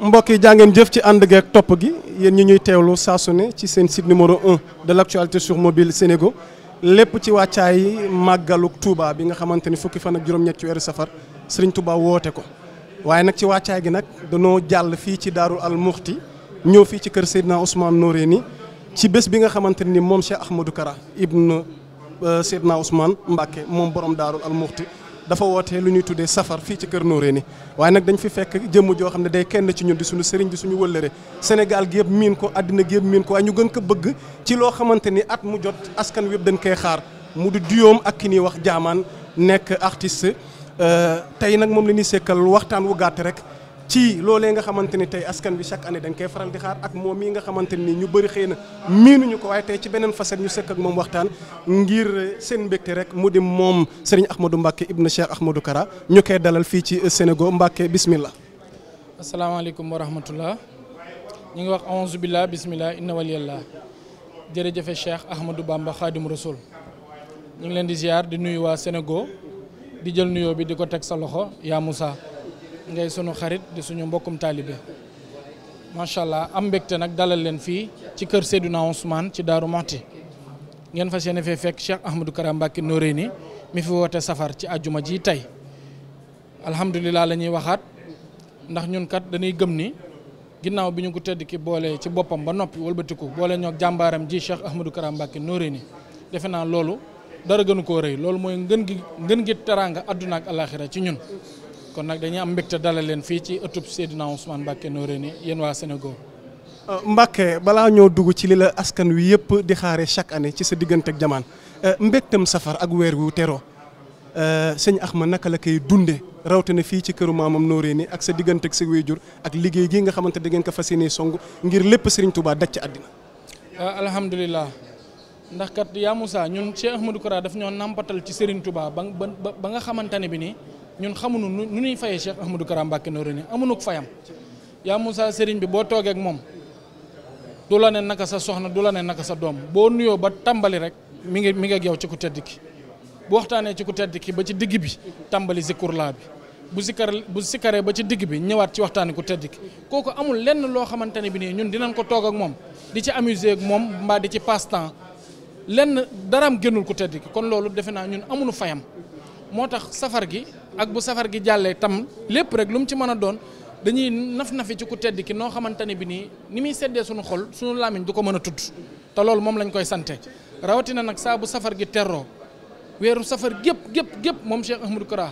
mbokk yi jàngeen jëf ci ànd geeg topp gi yéen ñi ñuy teewlu saa ne ci seen site numéro 1 de l' actualité sur mobile Sénégal lépp ci wàccaay màggalu Touba bi nga xamante ni fukki fan ak juróom-ñett ci weeru safar Serigne Touba woote ko waaye nag ci wàccaay gi nag danoo jàll fii ci Daarul Almuxti ñëw fii ci kër Seydina Ousmane Noreyni ci bés bi nga xamante ni moom Cheikh Ahmadou Kara ibn euh, Seydina Ousmane Mbacke moom borom Daarul Almuxti dafa woote lu ñuy tuddee safar fii ci kër Noreyni waaye nag dañ fi fekk jëmm joo xam ne day kenn ci ñu di suñu sëriñ di suñu wëllëre Sénégal gi yëpp miin ko àddina gi yëpp miin ko waaye ñu gën ko bëgg ci loo xamante ni at mu jot askan wi yëpp dañ koy xaar mu di duyoom ak ki ñuy wax jaamaan nekk artiste euh, tey nag moom la ñuy sekkal waxtaan wu gàtt rek ci loolee nga xamante ni tey askan bi chaque année dañ koy faral di xaar ak moom mii nga xamante ni ñu bëri xëy na miinuñu ko waaye tey ci beneen facette ñu sëkk ak moom waxtaan ngir seen mbégte rek mu di moom Serigne Ahmadou Mbacké ibn Cheikh Ahmadou Kara ñu koy dalal fii ci Sénégal Mbacké bismillah asalaamaaleykum wa rahmatullah ñu ngi wax onze billah bismillah inna waliyallah jërëjëfe Cheikh Ahmadou Bamba Khadim Rasoul ñu ngi leen di ziar di nuyu waa di jël nuyoo bi di ko teg sa loxo yaa Moussa ngay sunu xarit di suñu mbokkum taalibe macha allah am mbégte nag dalal leen fii ci kër Seydina Ousmane ci Daaru Moxti ngeen fas yéene fee fekk Cheikh Ahmadou Kara Mbacké Noreyni mi fi woote safar ci àjjuma ji tey alhamdulilah lañuy waxaat ndax ñun kat dañuy gëm ni ginnaaw bi ñu ko tedd ki boole ci boppam ba noppi wëlbatiku boole ñoog jàmbaaram ji Cheikh Ahmadou Kara Mbacké Noreyni defe naa loolu dara gënu koo rëy loolu mooy ngën gi ngën gi teraanga àdduna ak ci ñun. kon nag dañuy am mbégte dalal leen fii ci ëttub Seydina Ousmane Mbacké Noreyni yéen waa Sénégal. Euh, Mbacké balaa ñoo dugg ci li la askan wi yëpp di xaare chaque année ci sa diggante ak jamaan euh, safar ak weer wu teroo euh, sëñ ma naka la koy dundee rawatina fii ci këru maamam Noreyni ak sa diggante ak sa ak liggéey gi nga xamante da ngeen ko fas yéenee song ngir lépp Serigne Touba daj ci àddina. alhamdulilah. ndax kat yaa Moussa ñun Cheikh Ahmadou Kora daf ñoo nampatal ci Serigne Touba ba ba ba nga xamante ne bi nii ñun xamuñu nu ñuy fayee Cheikh Ahmadou Kara Mbacké Noreyni amuñu ko fayam yaa Moussa Serigne bi boo toogeek moom du la ne naka sa soxna du la ne naka sa doom boo nuyoo ba tàmbali rek mi ngi mi ngi ak ci ku tedd ki bu waxtaanee ci ku tedd ki ba ci digg bi tàmbali zikurlaa bi bu sikar bu sikaree ba ci digg bi ñëwaat ci waxtaani ku tedd ki kooku amul lenn loo xamante ne bi nii ñun dinañ ko toog ak moom di ci amuser moom mbaa di ci passe temps lenn daraam génnul ku tedd kon loolu defe naa ñun amuñu fayam moo tax safar gi ak bu safar gi jàllee tam lépp rek lu mu ci mën a doon dañuy naf-nafi ci ku tedd ki noo xamante ne bi nii ni muy seddee suñu xol suñu làmmiñ du ko mën a tudd te loolu moom lañ koy sante rawatina nag saa bu safar gi terroo weeru safar gépp gépp gépp moom Cheikh Ahmadou Kara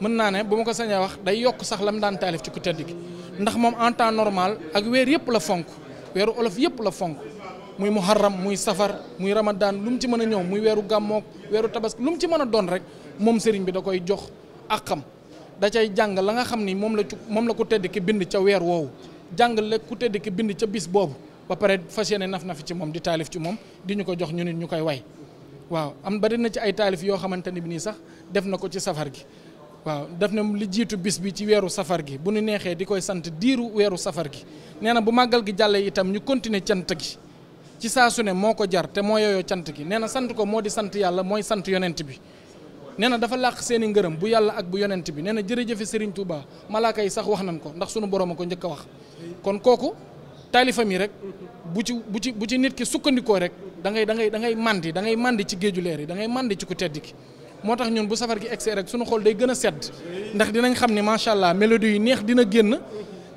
mën naa ne bu ma ko sañee wax day yokk sax lam daan taalif ci ku tedd gi ndax moom en temps normal ak weer yëpp la fonk weeru olof yëpp la fonk muy muharram muy safar muy ramadan lu mu ci mën a ñëw muy weeru gàmmook weeru tabaski lu mu ci mën a doon rek moom sëriñ bi da koy jox ak xam da cay jàng la nga xam ni moom la ci moom la ku tedd ki bind ca weer woowu jàng la ku tedd ki bind ca bis boobu ba pare fas yéene naf na fi ci moom di taalif ci moom di ñu ko jox ñu nit ñu koy way waaw am bari na ci ay taalif yoo xamante ni bi nii sax def na ko ci safar gi waaw def na li jiitu bis bi ci weeru safar gi bu nu neexee di koy sant diiru weeru safar gi nee na bu màggal gi jàllee itam ñu continuer cant gi ci saa su ne moo ko jar te moo yooyoo cant gi nee na sant ko moo di sant yàlla mooy sant yonent bi nee na dafa làq seen i ngërëm bu yàlla ak bu yonent bi nee na jërëjëfe Serigne Touba malaaka yi sax wax nañ ko ndax sunu borom a ko njëkk a wax kon kooku taalifam yi rek bu ci bu ci bu ci nit ki sukkandikoo rek da ngay da ngay da ngay màndi da ngay màndi ci géeju leer yi dangay ngay màndi ci ku tedd ki moo tax ñun bu safar gi egsee rek sunu xool day gën a sedd ndax dinañ xam ne macha allah mélodie yi neex dina génn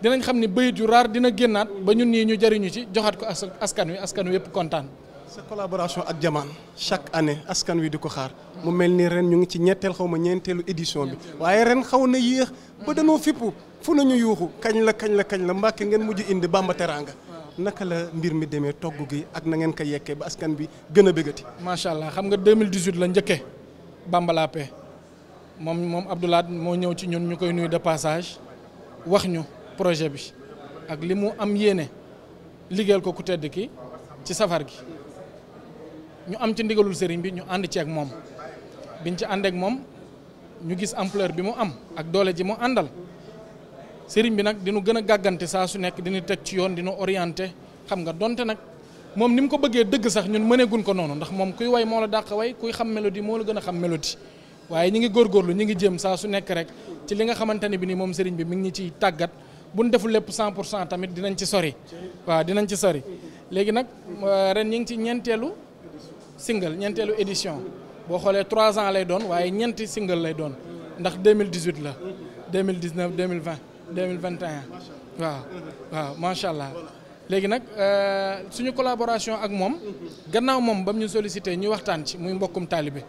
dinañ xam ne bayit yu raar dina génnaat ba ñu ñii ñu jariñu ci joxaat ko askan wi askan wi yëpp kontaan. sa collaboration ak jamaan chaque année askan wi di ko xaar mu mel nii ren ñu ngi ci ñetteel xaw ma ñeenteelu édition bi waaye ren xaw na yéex ba danoo fippu fu nañu yuuxu kañ la kañ la kañ la mbàkke ngeen mujj indi bàmba teraanga naka la mbir mi demee togg gi ak na ngeen ko yekkee ba askan bi gën a bëggati. macha allah xam nga 2018 la njëkkee Bamba Lappé moom moom Abdoulaye moo ñëw ci ñun ñu koy nuyu de wax ñu. projet bi ak li mu am yéene liggéeyal ko ku tedd ki ci safar gi ñu am ci ndigalul sëriñ bi ñu ànd ci ak moom biñ ci ànd moom ñu gis ampleur bi mu am ak doole ji mu àndal sëriñ bi nag dinu gën a gàggante saa su nekk dinu teg ci yoon dinu orienté xam nga donte nag moom ni mu ko bëggee dëgg sax ñun mëneegun ko noonu ndax moom kuy way moo la dàq way kuy xam mélodie moo la gën a xam mélodie waaye ñi ngi góorgóorlu ñi ngi jéem saa su nekk rek ci li nga xamante ne bi ni moom sëriñ bi mi ngi ñu ciy tàggat bu ñu deful lépp cent pour cent tamit dinañ ci sori. waaw dinañ ci sori léegi nag euh, ren ñu ngi ci ñeenteelu single ñeenteelu édition boo xoolee 3 ans lay doon waaye ñeenti single lay doon ndax 2018 la 2019 2020 2021 waaw waaw macha allah. léegi nag euh, suñu collaboration ak moom gannaaw moom ba mu ñu sollicité ñu waxtaan ci muy mbokkum taalibe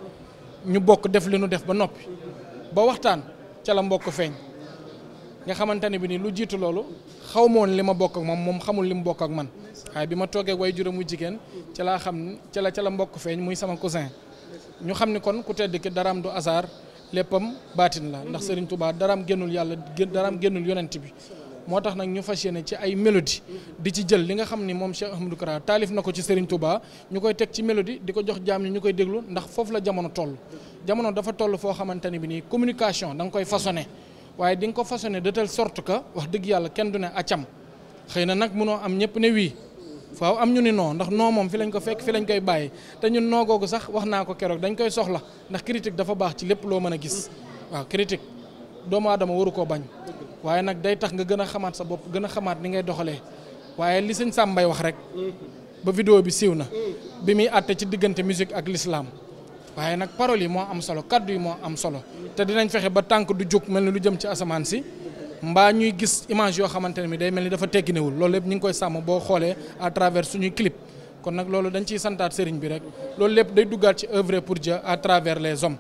ñu bokk def li nu def ba noppi ba waxtaan ca la mbokk feeñ. nga xamante ne bi nii lu jiitu loolu xaw ma li ma bokk ak moom moom xamul li mu bokk ak man waaye bi ma toogee way juróom jigéen ci laa xam ci la ca la mbokk feeñ muy sama cousin ñu xam ni kon ku tedd ki daraam du hasard léppam baatin la ndax Serigne Touba daraam génnul yàlla daraam génnul yonent bi moo tax nag ñu fas yéene ci ay mélodie di ci jël li nga xam ni moom Cheikh Ahmadou Kara taalif na ko ci Serigne Touba ñu koy teg ci mélodie di ko jox jaam ñi ñu koy déglu ndax foofu la jamono toll jamono dafa toll foo xamante ne bi nii communication da nga koy façonné waaye di nga ko façonné de telle sorte que wax dëgg yàlla kenn du ne acam xëy na nag munoo am ñëpp ne wii faaw am ñu ni noo ndax noo moom fi lañ ko fekk fi lañ koy bàyyi te ñun noo googu sax wax naa ko keroog dañ koy soxla ndax critique dafa baax ci lépp loo mën a gis waaw critique doomu aadama waru koo bañ waaye nag day tax nga gën a xamaat sa bopp gën a xamaat ni ngay doxalee waaye li sëñ Sàmbay wax rek ba video bi siiw na bi muy àtte ci diggante musique ak l'islam waaye nag paroles yi moo am solo kaddu yi moo am solo te dinañ fexe ba tànk du jóg mel ni lu jëm ci asamaan si mbaa ñuy gis image yoo xamante ne bi day mel ni dafa tegginewul loolu lépp ñu ngi koy sàmm boo xoolee à travers suñuy clip kon nag loolu dañ ciy santaat sëriñ bi rek loolu lépp day duggaat ci œuvre pour Dieu à travers les hommes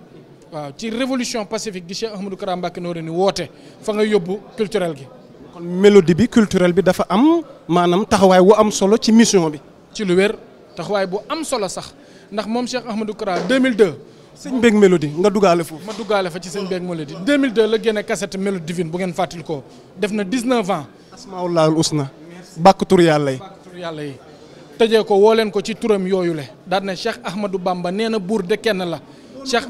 waaw ci révolution pacifique gi Cheikh Ahmadou Kara Mbacké Noreyni woote fa nga yóbbu culturel gi. kon mélodie bi culturel bi dafa am maanaam taxawaay bu am solo ci mission bi. ci lu wér taxawaay bu am solo sax. ndax moom Cheikh Ahmadou Kara 2002. sëñ beeg mélodie nga duggaale foofu. ma duggaale fa ci sëñ beeg mélodie 2002 la génne cassette mélodie divine bu ngeen fàttali ko def na 19 ans. asmaawullaahul usna bàkk tur yàlla yi bàkk tur yàlla yi. tëjee ko woo leen ko ci turam yooyu le daan ne Cheikh Ahmadou Bamba nee na buur de kenn la. cheikh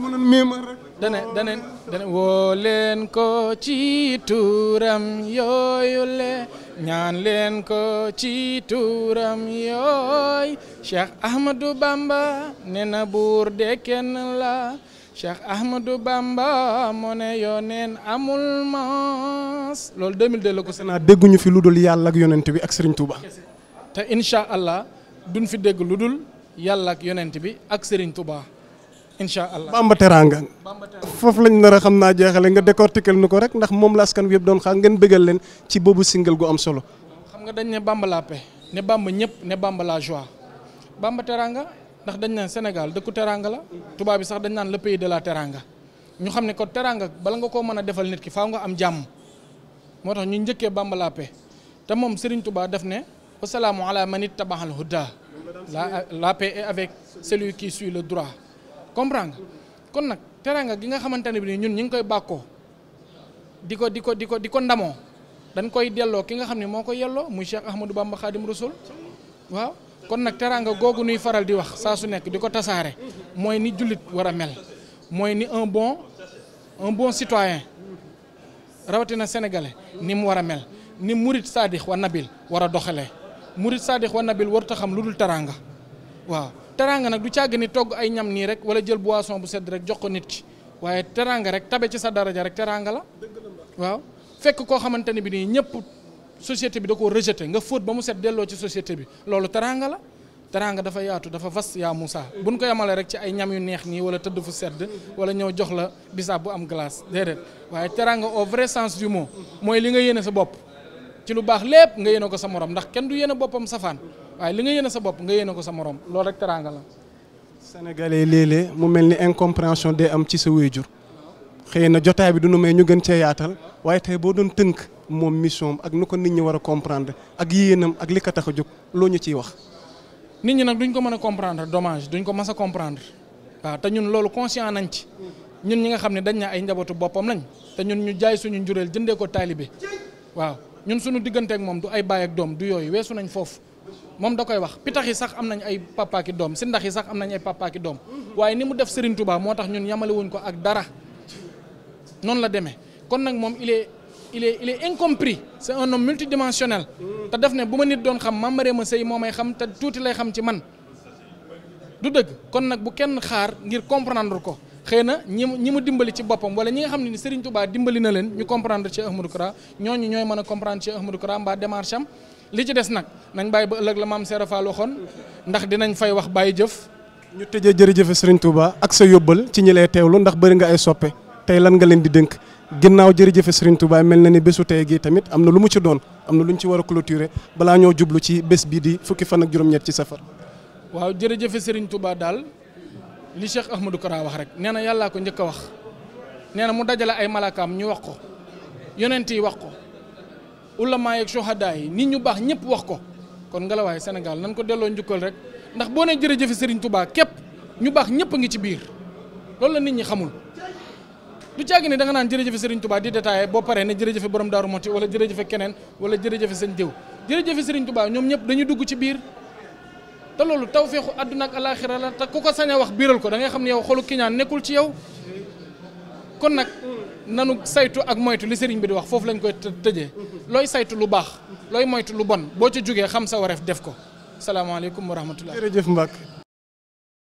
dane dane dane woo leen ko ci turam yooyu le ñaan leen ko ci tuuram yooy Cheikh Ahmadou Bamba ne na buur de kenn la Cheikh Ahmadou Bamba moo ne yoneen amul mas loolu 2002 la ko seenaa dégguñu fi lu dul yàlla ak yonent bi ak Serigne Touba. te incha allah duñ fi dégg lu dul yàlla ak yonent bi ak Serigne Touba. incha allah Bamba Teranga foofu lañ nar a xam naa jeexale nga décortiquer nu ko rek ndax moom la askan wi yëpp doon xaar ngeen bëggal leen ci boobu single gu am solo. xam nga dañ ne Bamba la ne Bamba ñëpp ne Bamba la joie Bamba Teranga ndax dañ naan Sénégal dëkku Teranga la tubaab yi sax dañ naan le pays de la Teranga ñu xam ne ko Teranga bala nga koo mën a defal nit ki faaw nga am jàmm moo tax ñu njëkkee Bamba la te moom Serigne Touba def ne wasalaamu ala man ittabaxal huda la la paix est avec celui qui suit le droit. comprendre kon nag teraanga gi nga xamante ne bi ñun ñu ngi koy bàkkoo di ko di ko di ko di ko ndamoo dañ koy delloo ki nga xam ne moo ko yelloo muy Cheikh Ahmadou Bamba Khadim Rasoul waaw kon nag teraanga googu nuy faral di wax saa su nekk di ko tasaare mooy ni jullit war a mel mooy ni un bon un bon citoyen rawatina sénégalais ni mu war a mel ni murit saadix wa nabil war a doxalee murit saadix wa nabil warut a xam lu dul teraanga waaw teraanga nag du càgg ni togg ay ñam nii rek wala jël boisson bu sedd rek jox ko nit ki waaye teraanga rek tabe ci sa daraja rek teraanga la waaw fekk koo xamante ne bi nii ñëpp société bi da koo rejeté nga fóot ba mu set delloo ci société bi loolu teraanga la teraanga dafa yaatu dafa fas yaa Moussa buñ ko yemale rek ci ay ñam yu neex nii wala tëdd fu sedd wala ñëw jox la bisaab bu am glace déedéet waaye teraanga au vrai sens du mot mooy li nga yéene sa bopp ci lu baax lépp nga yéene ko sa morom ndax kenn du yéene boppam safaan waaye li nga yéene sa bopp nga yéene ko sa morom loolu rek teraanga la. Sénégalais léeg-léeg mu mel ni incompréhension de am ci sa wéyjur xëy na jotaay bi du nu may ñu gën cee yaatal waaye tey boo doon tënk moom mission ak nu ko nit ñi war a comprendre ak yéenam ak li ko tax a jóg loo ñu ciy wax. nit ñi nag duñ ko mën a comprendre dommage duñ ko mas a comprendre waaw te ñun loolu conscient nañ ci ñun ñi nga xam ne dañ na ay njabootu boppam lañ te ñun ñu jaay suñu njureel jëndee ko taalibe waaw ñun suñu digganteek moom du ay baay doom du yooyu weesu nañ foofu. moom da koy wax pitax yi sax am nañ ay papaaki doom si ndax yi sax am nañ ay papaaki doom waaye ni mu def Serigne Touba moo tax ñun yamale ko ak dara noonu la demee kon nag moom il est il est il est incompris c'est un homme multidimensionnel te def ne bu ma nit doon xam Mame ma sëy moo may xam te tuuti lay xam ci man du dëgg kon nag bu kenn xaar ngir comprendre ko xëy na ñi ñi mu dimbali ci boppam wala ñi nga xam ne ni Serigne tubaa dimbali na leen ñu comprendre ci Ahmadou Kara ñooñu ñooy mën a comprendre ci Ahmadou Kara mbaa am li ci des nag nañ bàyyi ba ëllëg la maam Serap Fall waxoon ndax dinañ fay wax bàyyi jëf. ñu tëjee jërëjëf Serigne Touba ak sa yóbbal ci ñi lay teewlu ndax bari nga ay soppe tey lan nga leen di dënk ginnaaw jërëjëf Serigne Touba mel na ni bésu tey gi tamit am na lu mu ci doon am na lu ñu ci war a clôturer balaa ñoo jublu ci bés bi di fukki fan ak juróom-ñett ci safar. waaw jërëjëf Serigne Touba daal li Cheikh Ahmadou Kara wax rek nee na yàllaa ko njëkk wax nee na mu dajale ay malakaam ñu wax ko yi wax ko ulama yeeg sohada yi nit ñu baax ñëpp wax ko kon ngelawaay Sénégal nan ko delloo njukkal rek ndax boo nee jërëjëf Serigne Touba képp ñu baax ñëpp a ngi ci biir loolu la nit ñi xamul. du caagi ne da nga naan jërëjëf Serigne tubaa di détaillé boo paree ne jërëjëf borom Daaru Moti wala jërëjëf keneen wala jërëjëf seen diw jërëjëf Serigne Touba ñoom ñëpp dañuy dugg ci biir te loolu tawféexu àdduna ak alaaxira la te ku ko sañ wax biiral ko da ngay xam ne yow xolu kiñaan nekkul ci yow nanu saytu ak moytu li sëriñ bi di wax foofu lañ koy tëjee looy saytu lu baax looy moytu lu bon boo ci jógee xam sa wareef def ko salaamaaleykum wa rahmatullah jërëjëf Mbacke